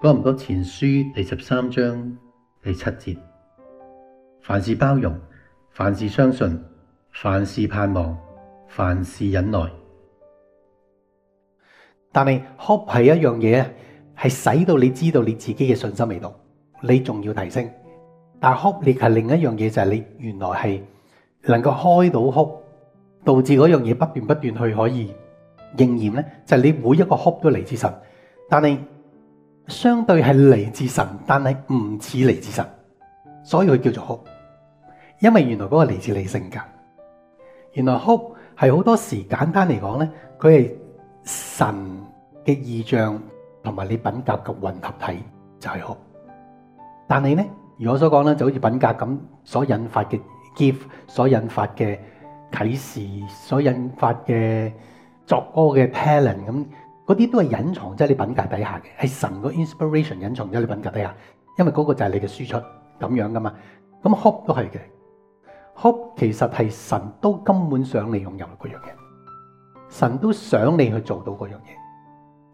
哥林多前書第十三章第七節，凡事包容，凡事相信，凡事盼望，凡事忍耐。但係哭係一樣嘢，係使到你知道你自己嘅信心未到，你仲要提升。但係哭，你係另一樣嘢，就係、是、你原來係能夠開到哭。導致嗰樣嘢不斷不斷去可以應驗咧，就係你每一個哭都嚟自神，但係相對係嚟自神，但係唔似嚟自神，所以佢叫做哭。因為原來嗰個嚟自你性格。原來哭係好多時簡單嚟講咧，佢係神嘅意象同埋你品格嘅混合體就係哭。但係咧，如我所講咧，就好似品格咁所引發嘅 gift 所引發嘅。啟示所引發嘅作歌嘅 talent 咁，嗰啲都係隱藏喺你品格底下嘅，係神個 inspiration 隱藏咗你品格底下，因為嗰個就係你嘅輸出咁樣噶嘛。咁 hope 都係嘅，hope 其實係神都根本想你擁有嗰樣嘢，神都想你去做到嗰樣嘢。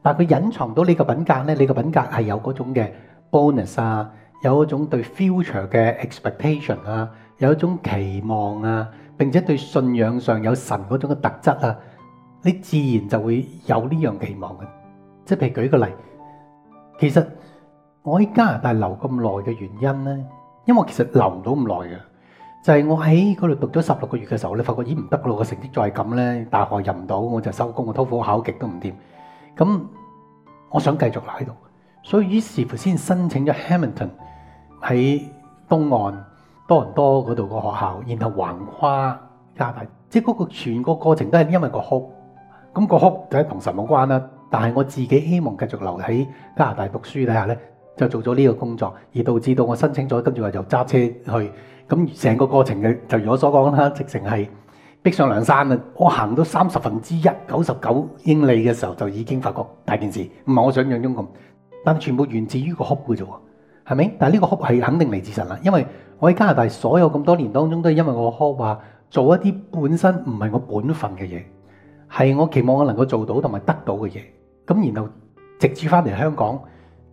但係佢隱藏到你嘅品格咧，你嘅品格係有嗰種嘅 bonus 啊，有一種對 future 嘅 expectation 啊。有一種期望啊，並且對信仰上有神嗰種嘅特質啊，你自然就會有呢樣期望嘅。即係譬如舉個例，其實我喺加拿大留咁耐嘅原因咧，因為其實留唔到咁耐嘅，就係我喺嗰度讀咗十六個月嘅時候咧，發覺咦唔得咯，個成績再係咁咧，大學入唔到，我就收工，我托福考極都唔掂。咁我想繼續留喺度，所以於是乎先申請咗 Hamilton 喺東岸。多倫多嗰度個學校，然後橫跨加拿大，即係嗰個全個過程都係因為個哭，咁、個哭就係同神冇關啦。但係我自己希望繼續留喺加拿大讀書底下呢，就做咗呢個工作，而導致到我申請咗，跟住話就揸車去，咁成個過程嘅就如我所講啦，直情係逼上梁山啊！我行到三十分之一九十九英里嘅時候，就已經發覺大件事，唔係我想象中樣樣咁，但全部源自於個哭嘅啫喎，係咪？但係呢個哭係肯定嚟自神啦，因為。我喺加拿大所有咁多年當中，都係因為我 hope 啊，做一啲本身唔係我本分嘅嘢，係我期望我能夠做到同埋得到嘅嘢。咁然後直至翻嚟香港，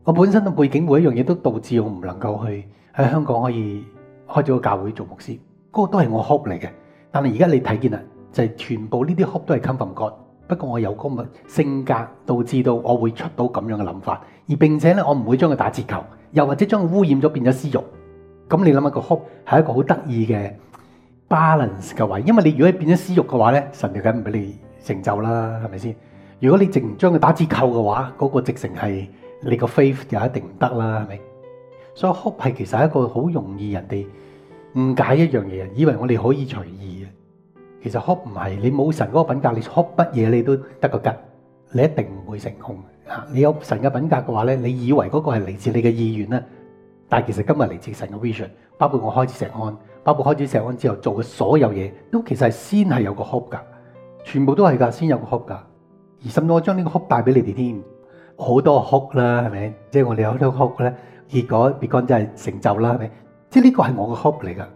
我本身嘅背景每一樣嘢都導致我唔能夠去喺香港可以開咗個教會做牧師。嗰個都係我 hope 嚟嘅。但係而家你睇見啊，就係全部呢啲 hope 都係 come from God。不過我有嗰個性格，導致到我會出到咁樣嘅諗法，而並且咧，我唔會將佢打折扣，又或者將佢污染咗變咗私欲。咁你諗下個 hope 係一個好得意嘅 balance 嘅位，因為你如果變咗私欲嘅話咧，神就梗唔俾你成就啦，係咪先？如果你淨將佢打折扣嘅話，嗰個直程係你個 faith 就一定唔得啦，係咪？所以 hope 係其實係一個好容易人哋誤解一樣嘢，以為我哋可以隨意嘅。其實 hope 唔係你冇神嗰個品格，你 hope 乜嘢你都得個吉，你一定唔會成功。嚇，你有神嘅品格嘅話咧，你以為嗰個係嚟自你嘅意願咧？但係其實今日嚟自神嘅 vision，包括我開始石安，包括開始石安之後做嘅所有嘢，都其實係先係有個 hope 噶，全部都係噶，先有個 hope 噶。而甚至我將呢個 hope 帶俾你哋添，好多 hope 啦，係咪？即係我哋有好多 hope 嘅咧，結果 Bacon 真係成就啦，係咪？即係呢個係我個 hope 嚟噶，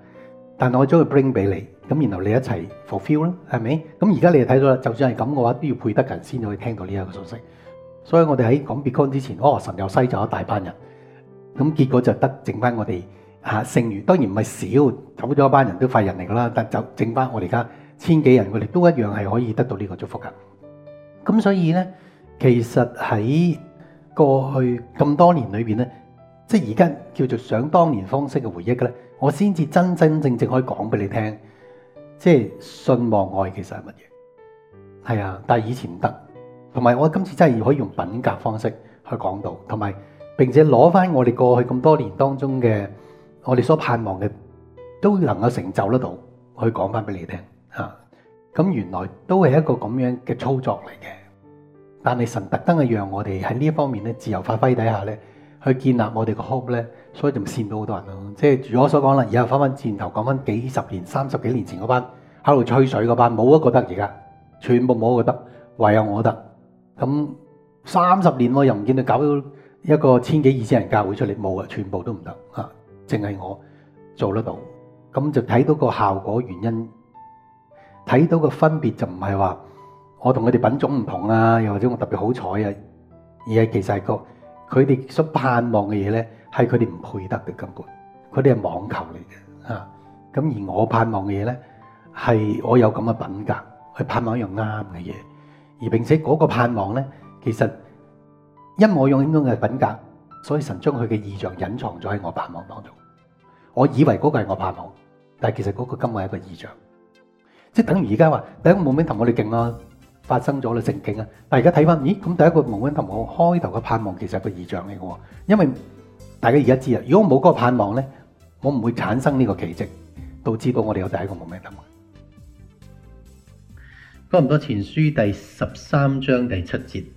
但係我將佢 bring 俾你，咁然後你一齊 fulfill 啦，係咪？咁而家你哋睇到啦，就算係咁嘅話，都要配得噶先可以聽到呢一個信息。所以我哋喺講 Bacon 之前，哦，神又篩咗一大班人。咁結果就得剩翻我哋嚇剩餘，當然唔係少，走咗一班人都快人嚟噶啦，但走剩翻我哋而家千幾人，佢哋都一樣係可以得到呢個祝福噶。咁所以呢，其實喺過去咁多年裏邊呢，即係而家叫做想當年方式嘅回憶咧，我先至真真正正可以講俾你聽，即係信望愛其實係乜嘢？係啊，但係以前唔得，同埋我今次真係可以用品格方式去講到，同埋。並且攞翻我哋過去咁多年當中嘅，我哋所盼望嘅，都能夠成就得到，去講翻俾你聽吓咁、啊、原來都係一個咁樣嘅操作嚟嘅，但係神特登係讓我哋喺呢一方面咧自由發揮底下咧，去建立我哋個 hope 咧，所以就唔跣到好多人咯。即係如我所講啦，以後翻翻轉頭講翻幾十年、三十幾年前嗰班喺度吹水嗰班，冇一個得而家，全部冇得，唯有我得。咁三十年我又唔見到搞到～一個千幾二千人教會出嚟冇啊，全部都唔得啊！淨係我做得到，咁就睇到個效果原因，睇到個分別就唔係話我同佢哋品種唔同啊，又或者我特別好彩啊，而係其實係個佢哋所盼望嘅嘢咧，係佢哋唔配得嘅根本，佢哋係網球嚟嘅啊！咁而我盼望嘅嘢咧，係我有咁嘅品格去盼望一樣啱嘅嘢，而並且嗰個盼望咧，其實。因我用呢種嘅品格，所以神將佢嘅異象隱藏咗喺我盼望當中。我以為嗰個係我盼望，但係其實嗰個根本係一個異象，即係等於而家話第一個夢餅頭我哋勁啊，發生咗啦，正勁啊！但係而家睇翻，咦？咁第一個夢餅頭我開頭嘅盼望其實係個異象嚟嘅，因為大家而家知啊，如果冇嗰個盼望咧，我唔會產生呢個奇跡，導致到我哋有第一個夢餅頭。哥林多前書第十三章第七節。